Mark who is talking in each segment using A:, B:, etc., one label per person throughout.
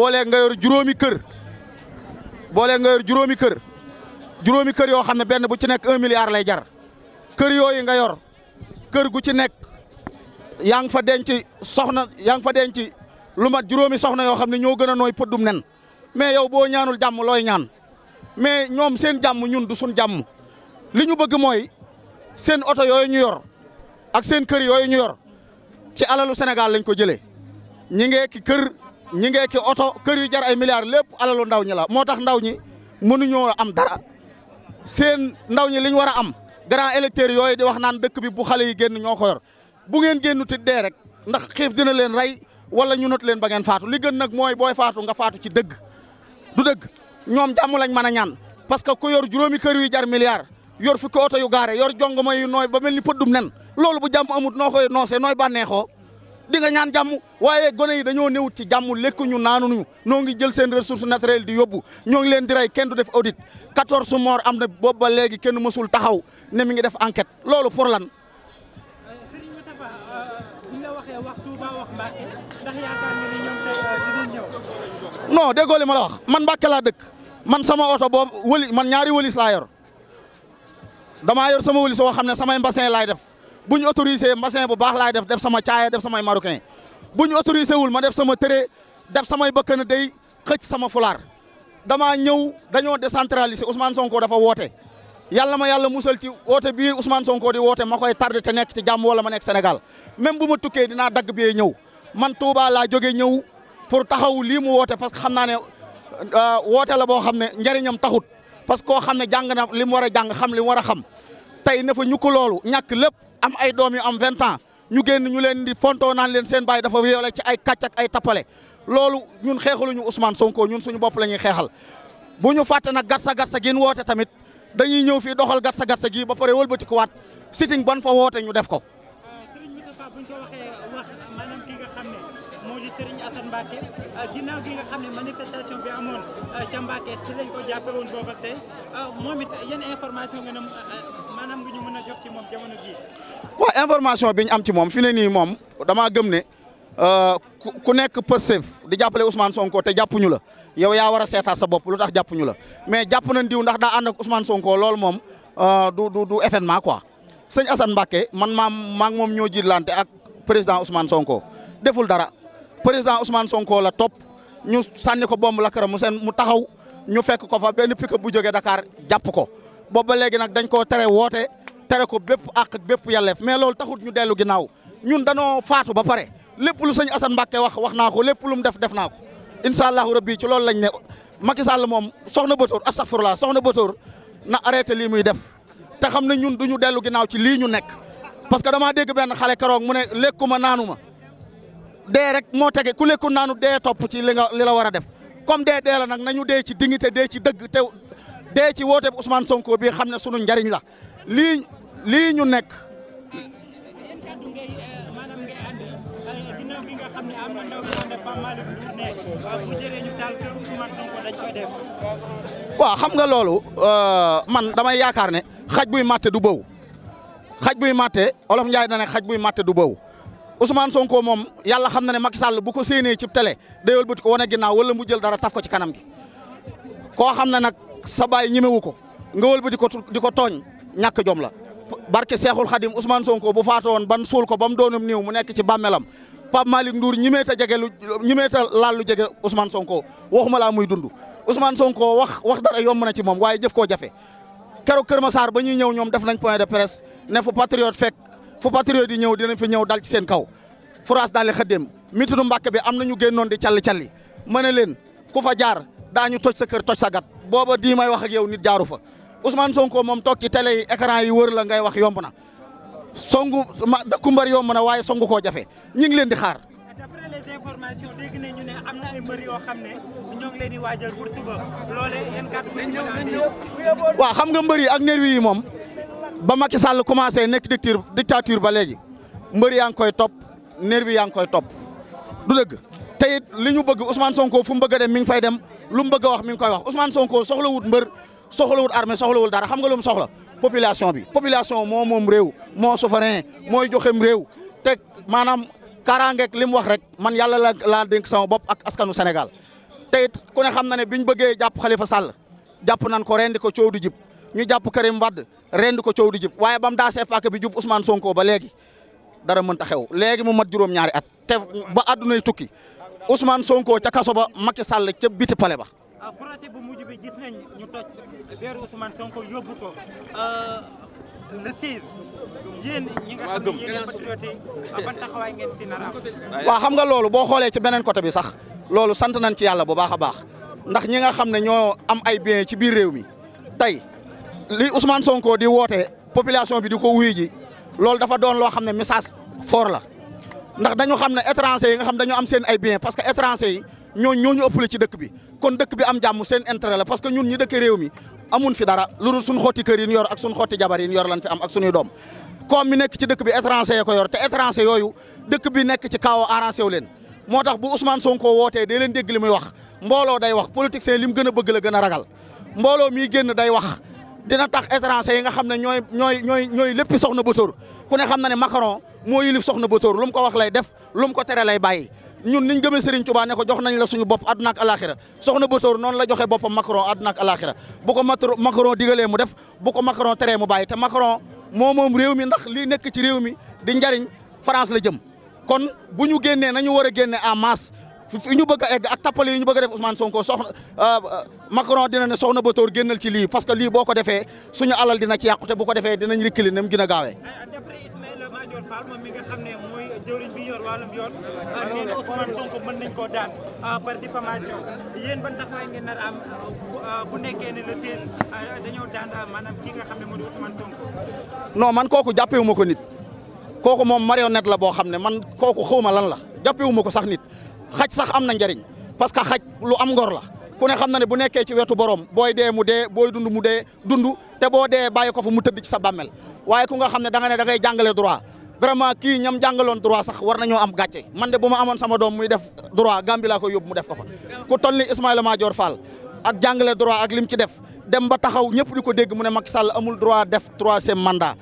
A: boolee nga yor juróomi kër boole nga yor juróomi kër juróomi kër yoo xam ne benn bu ci nekk un lay jar kër yooyu nga yor kër gu ci nekk yaa ngi fa denc soxna yaa ngi fa denc lu mat juróomi soxna yoo xam ne ñoo gën a nooy pëddum nen mais yow boo ñaanul jàmm looy ñaan mais ñoom seen jàmm ñun du sun jàmm li ñu bëgg mooy seen oto yooyu ñu yor ak seen kër yooyu ñu yor ci alalu Sénégal lañ ko jëlee ñi ngeeki kër ñi ngee ki oto kër yu jar ay milliards lépp alalu ndaw ñi la moo tax ndaw ñi mënuñoo am dara seen ndaw ñi li ñu war a am grand électeur yooyu di wax naan dëkk bi bu xale yi génn ñoo ko yor bu ngeen génnu ti dee rek ndax xiif dina leen rey wala ñu not leen ba ngeen faatu li gën nag mooy booy faatu nga faatu ci dëgg du dëgg ñoom jàmm lañ mën a ñaan parce que ku yor juróomi kër yu jar milliards yor fi ko oto yu gaare yor jongoma yu nooy ba mel ni pëddum nen loolu bu jàmm amut noo koy noosee nooy bànneexoo di nga ñaan jàmm waaye gone yi dañoo néew ci jàmm lekkuñu naanuñu noo ngi jël seen ressource naturelle di yóbbu ñoo ngi leen di rey kenn du def audit 14 mort am na boobu ba léegi kenn mësul taxaw ne mi ngi def enquête loolu pour lan. Euh, euh, non déggoo li ma la wax man Mbàkke laa dëkk man sama oto bob, wëli man ñaari wëlis laa yor damaa yor sama wëlis soo xam ne mbassin laay def. bu ñu autorisé mbasin bu baax laay def def sama caaya def samay marocain bu ñu autorisé wul ma def sama tëré def samay bëkkana day xëcc sama fulaar damaa ñëw dañoo décentralisé Ousmane Sonko dafa woote yàlla ma yàlla musal ci woote bii Ousmane Sonko di woote ma koy tardé te nekk te jàmm wala ma nekk Sénégal même bu ma tukkee dinaa dagg bee ñëw man Touba laa jógee ñëw pour taxaw lii mu woote parce que xam naa ne euh, woote la boo xam ne njëriñam taxut parce que koo xam ne jàng na li mu war a jàng xam li war a xam tey na fa ñu ko loolu ñàkk lépp. am ay doom yu am vingt ans ñu génn ñu leen di fontoo naan leen seen baay dafa violé ci ay kàcc ay tappale loolu ñun xeexaluñu Ousmane Sonko ñun suñu bopp la ñuy xeexal bu ñu fàtte nag gatsa gatsa gi woote tamit dañuy ñëw fii doxal gatsa gatsa gi ba pare waat sitting ban fa woote ñu def ko.
B: Serigne Assane Mbacké ah, ginnaaw ah, ko jàppe woon maanaam information
A: bi ñu am ci moom fi ne nii moom damaa gëm ne euh, ku nekk Pastef di jàppale Ousmane Sonko te jàppuñu la yow yaa war a seetaat sa bopp lu tax jàppuñu la mais jàpp nañ diw ndax daa ànd ak Ousmane Sonko loolu moom euh, du du du événement quoi sëñ Assane Mbacké man maam maa moom ñoo jiitlante ak président Ousmane Sonko deful dara président Ousmane Sonko la top ñu sànni ko bomb la mu seen mu taxaw ñu fekk ko fa benn pick bu jógee Dakar jàpp ko. boobu ba léegi nag dañ koo tere woote tere ko bépp àq bépp yelleef mais loolu taxut ñu dellu ginnaaw ñun danoo faatu ba pare lépp lu sëñ Assane Mbacke wax wax naa ko lépp lu mu def def naa ko incha allahu rabbi ci loolu lañ ne Macky Sall moom soxna Bator astaghfirullah soxna Bator na arrêté lii muy def te xam ne ñun du ñu dellu ginnaaw ci lii ñu nekk parce que damaa dégg benn xale keroog mu ne lekkuma naanu ma dee rek moo tege ku lekku naanu dee topp ci li nga li la war a def comme dee la nag nañu dee ci dignité dee ci dëgg tew dee ci woote bu Ousmane Sonko bi xam ne sunu njariñ la lii lii ñu nekk. Euh, euh, waa xam nga loolu euh, man damay yaakaar ne xaj buy màtte du baw xaj buy màtte olof Njaay na xaj buy màtte du baw Ousmane Sonko moom yàlla xam na ne Macky Sall bu ko séenee ci télé day wëlbati ko wane ginnaaw wala mu jël dara taf ko ci kanam gi koo xam ne nag. sa baay ñemewu ko nga wëlba di ko di ko tooñ ñàkk jom la barke Seexul Xadim Ousmane Sonko bu faatoo ban suul ko ba mu doonum niiw mu nekk ci bàmmeelam Pape Malick Ndour ñimee ta jege lu ñimee ta laal lu jege Ousmane Sonko waxuma laa muy dund usmaan Sonko wax wax dara yomb na ci moom waaye jëf koo jafe keroog Kër Massar ba ñuy ñëw ñoom def nañ point de presse ne fu patriote fekk fu patriote yi ñëw dinañ fa ñëw dal ci seen kaw France daal di xëddeem mitinu mbàkk bi am na ñu génnoon di calli calli ma ne leen ku fa jaar daañu toj sa kër toj sa booba di may wax ak yow nit jaaru fa Ousmane Sonko moom toog ci télé yi yi wër la ngay wax yomb na songu ma dëkku mbër yomb na waaye songu koo jafe ñu ngi leen di xaar.
B: d'après yoo xam ne xam nga mbër yi ak
A: nervi moom ba Macky Sall commencé nekk dictature dictature ba léegi mbër yaa ngi koy topp nervi yaa ngi koy topp du dëgg. te it li ñu bëgg Ousmane Sonko fu mu bëgg a dem mi ngi fay dem lu mu bëgg wax mi ngi koy wax Ousmane Sonko soxlawut mbër soxlawut armée soxlawul dara xam nga lu mu soxla population bi population moo moom réew moo souverain mooy joxem réew te maanaam kaaraangeeg li mu wax rek man yàlla la laa dénk sama bopp ak askanu Sénégal te it ku ne xam na ne biñ bëggee jàpp Khalifa Sall jàpp nañ ko rendi ko cow di jib ñu jàpp Karim Wade rendi ko coow di jib waaye bam mu daasee paaka bi jub Ousmane Sonko ba léegi dara mënta xew léegi mu mat juróom-ñaari at te ba àddunay tukki Ousmane Sonko ci kaso ba Macky Sall ci biti palé ba. projet
B: ah, bu mujj bi gis nañ ñu toj weeru Ousmane Sonko yobbu ko ah, le 16 yeen ñi nga xam ne patriote ah, ban ngeen ci am. xam
A: nga ci côté bi sax ay bien ci biir réew mi tay li Ousmane Sonko di wote population ko ji dafa doon lo xamne message fort la. ndax dañu xamné yi nga xam dañu am seen ay bien parce que étranger yi ñoo ñoo ñu de ci dëkk bi kon dëkk bi am seen intérêt la parce que ñun ñi dëkk réew mi amun fi dara Nous suñu kër yi ñu ak suñu jabar yi lan fi am ak doom comme mi nekk ci dëkk bi étranger ko yor te étranger yooyu dëkk bi nekk ci arrangé leen moo bu Ousmane Sonko wootee day leen dégg li muy wax mbooloo day wax politicien lim a bëgg la gën ragal mbooloo day wax dina tax étranger yi nga ñooy ñooy ñooy ñooy lépp soxna ku moo yilif soxna Bator lu mu ko wax lay def lu mu ko tere lay bàyyi ñun niñ gëmee Serigne Touba ne ko jox nañ la suñu bopp àdduna ak alaxira soxna Bator noonu la joxe boppam Macron àdduna ak alaxira bu ko Macron digalee mu def bu ko Macron teree mu bàyyi te Macron moo moom réew mi ndax lii nekk ci réew mi di njariñ France la jëm kon bu ñu génnee nañu war a génne en masse fi ñu bëgg a egg ak tappale yi ñu bëgg a def Ousmane Sonko soxna euh, euh, Macron dina ne soxna Bator génnal ci lii parce que lii boo ko defee suñu alal dina ci ko defee dinañ rikkili ne mu gën a
B: Fall moom mi nga xam ah, koo daan
A: ah, man kooku jàppewuma ko nit kooku moom marionnette la boo xam ne man kooku xawma lan la jàppewuma ko sax nit xaj sax am na njariñ parce que xaj lu am ngor la ku ne xam na ne bu nekkee ci wetu borom booy dee mu dee booy dund mu dee dund te boo dee bàyyi ko fa mu tëdd ci sa bàmmel waaye ku nga xam ne da nga ne da ngay jàngale droit vraiment kii ñam jàngaloon droit sax war nañoo am gàcce man de bu ma amoon sama doom muy def droit Gàmbi laa koy yóbbu mu def ko fa ku toll ni Ismaïla Madior Fall ak jàngale droit ak lim ci def dem ba taxaw ñëpp di ko dégg mu ne mak Sall amul droit def troisième mandat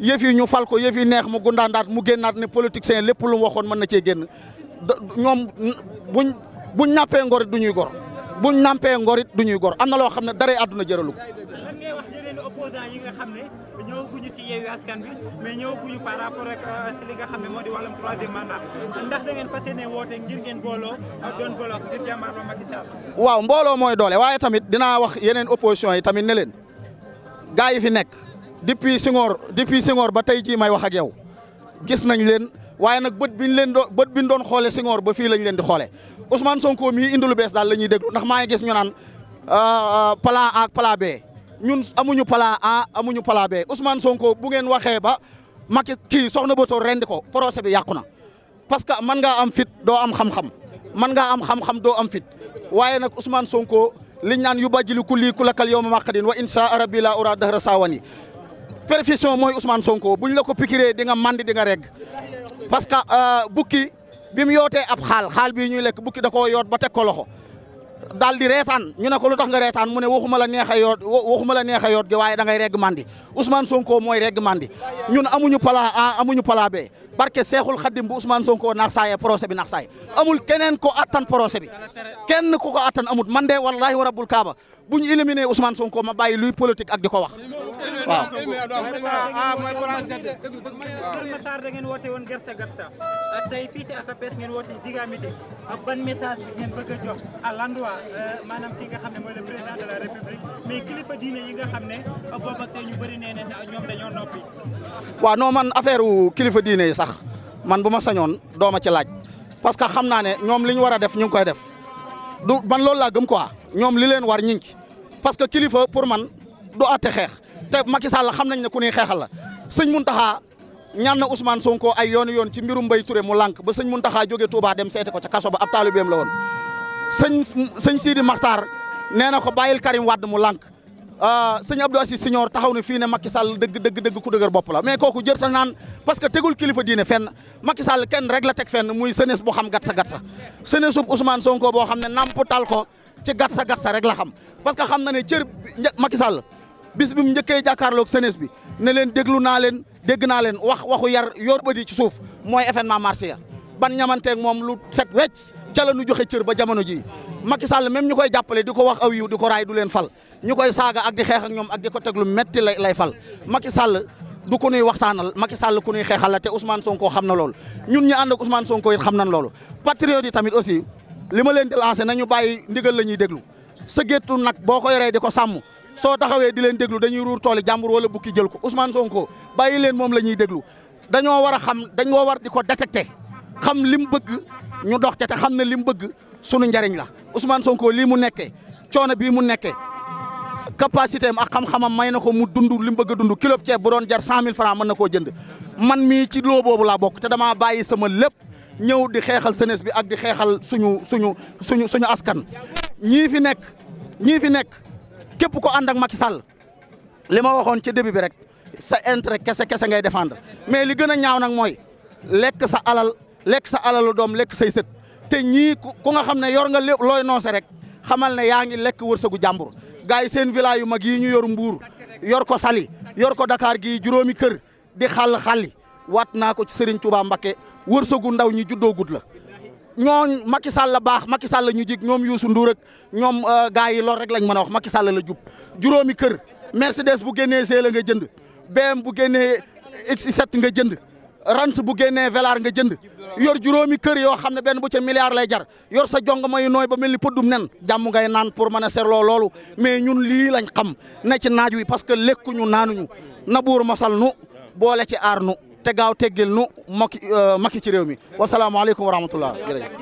A: yëf yi ñu fal ko yëf yi neex mu gundaandaat mu génnaat ne politicien lépp lu waxoon mën na cee génn ñoom buñ buñ ñàppee ngor du ñuy gor. buñ nampee ngor du ñuy gor am na loo xam ne dara àdduna jëralu ko.
B: ma ngay wax yeneen opposant yi nga xam euh, booloo
A: waaw mbooloo mooy doole waaye tamit dinaa wax yeneen opposition yi tamit ne leen gaa yi fi nekk depuis Senghor depuis Senghor ba tey jii may wax ak yow gis nañ leen. waye nak beut biñ leen beut biñ doon xolé Senghor ba fi lañ leen di xolé Ousmane Sonko mi indi lu bees daal la ñuy ndax ma ngi gis ñu naan euh, euh, plan A ak plan B ñun amuñu plan A amuñu plan B Ousmane Sonko bu ngeen waxe ba Macky ki soxna Bator rend ko procès bi yakuna parce que man nga am fit do am xam-xam man nga am xam-xam do am fit waye nak Ousmane Sonko liñ naan yu bajilu kulli kulakal yawma maqdin wa insha rabbi la ura dahra sawani perfection moy Ousmane Sonko buñ la ko pikiré di nga mandi di nga reg parce que euh, bukki bi mu yootee ab xaal xaal bii ñuy lekk bukki da koo yoot ba teg ko loxo daal di reetaan ñu ne ko lu tax nga reetaan mu ne waxuma la neex a yoot waxuma la neex a yoot gi waaye da ngay regg mandi Ousmane Sonko mooy regg mandi ñun amuñu plan A amuñu plan B barke Seexul Xaddim bu Ousmane Sonko nax saaya procès bi nax saay amul keneen ko attan procès bi kenn ku ko attan amut man de wallaahi wa rabbul kaaba bu ñu éliminé Ousmane Sonko ma bàyyi luy politique ak di ko wax waaw mooy plan Z
B: Massar da ngeen woote woon gerte gerte tey fii ci ACAPES ngeen woote Giga meeting ban message bi ngeen bëgg a jox à l'endroit maanaam ki nga xam ne mooy le président de la république mais kilifa diine yi
A: ne man affaire kilifa diine man bu ma sañoon dooma ci laaj parce que xam ne def ñu def du man loolu laa gëm quoi ñoom li leen war ñu ngi parce que kilifa pour man du àtte xeex te Macky Sall xam nañ ne ku ñuy xeexal la sëñ Mountakha ñaan na Ousmane Sonko ay yoon yoon ci mbirum Mbaye Touré mu lànk ba sëñ mun Mountakha jógee Touba dem seeti ko ca kaso ba ab taalibeem la woon sëñ sëñ Sidi Makhtar nee na ko bàyyil Karim Wade mu lànk ah, sëñ Abdou Assis Signor taxaw ne fii ne Macky Sall dëgg dëgg dëgg ku dëgër bopp la mais kooku jërta naan parce que tegul kilifa diine fenn Macky Sall kenn rek la teg fenn muy senes bu xam gatsa gatsa senes sub usmaan Sonko boo xam ne namputal ko ci gatsa gatsa rek la xam parce que xam na ne cër Macky Sall bis bi mu njëkkee jàkkaarloog senes bi ne leen déglu naa leen dégg na leen wax waxu yar yor bëri ci suuf mooy événement marché ya ban ñamanteek moom lu set wecc ca la nu joxe cër ba jamono ji i Sall même ñu koy jàppale di ko wax aw yiw di ko raay du leen fal ñu koy saaga ak di ak ñoom ak ko teg lu metti lay lay fal Macky Sall du ku nuy waxtaanal Macky Sall ku nuy xeexal la te Ousmane Sonko xam na loolu ñun ñu ànd ak Ousmane Sonko it xam nañ loolu patriote yi tamit aussi li ma leen di nañu bàyyi ndigal la ñuy déglu sa géttu nag boo koy rey di ko sàmm soo taxawee di leen déglu dañuy ruur tooli jàmbur wala bukki jël ko Ousmane Sonko bàyyi leen moom lañuy déglu dañoo war a xam dañoo war di ko détecté xam li mu bëgg ñu dox ca te xam ne li mu bëgg sunu njariñ la Ousmane Sonko lii mu nekkee coono bii mu nekkee capacité am ak xam-xamam may na ko mu dund li mu bëgg a dund kilo ceeb bu doon jar cent mil francs mën na koo jënd man mii ci loo boobu laa bokk te damaa bàyyi sama lépp ñëw di xeexal jeunesse bi ak di xeexal suñu suñu suñu suñu askan ñii fi nekk képp ko ànd ak Macky Sall li ma waxoon ci début bi rek sa intérêt kese kese ngay défendre mais li gën a ñaaw nag mooy lekk sa alal lekk sa alalu doom lekk say sët te ñii ku nga xam ne yor nga lépp looy noose rek xamal ne yaa ngi lekk wërsëgu jàmbur gars yi seen village yu mag yi ñu yor mbuur yor ko sali yor ko Dakar gi juróomi kër di xàll xàlli wat naa ko ci Serigne Touba Mbacké wërsëgu ndaw ñi juddoo gud la ñooñ Macky Sall la baax Macky Sall la ñu jig ñoom Youssou Ndour ak ñoom euh, gars yi loolu rek lañ mën a wax Macky Sall la jub juróomi kër Mercedes bu génnee C la nga jënd benn bu génnee x nga jënd Range bu génnee Velar nga jënd yor juróomi kër yoo xam ne benn bu ca milliard lay jar yor sa jong mayu nooy ba mel ni pëddum nen jàmm ngay naan pour mën a serloo loolu mais ñun lii lañ xam ne ci naaj wi parce que lekkuñu naanuñu na buur masal nu boole ci aar nu te gaaw teggil nu makki euh, makki ci réew mi wasalaamaaleykum wa rahmatullah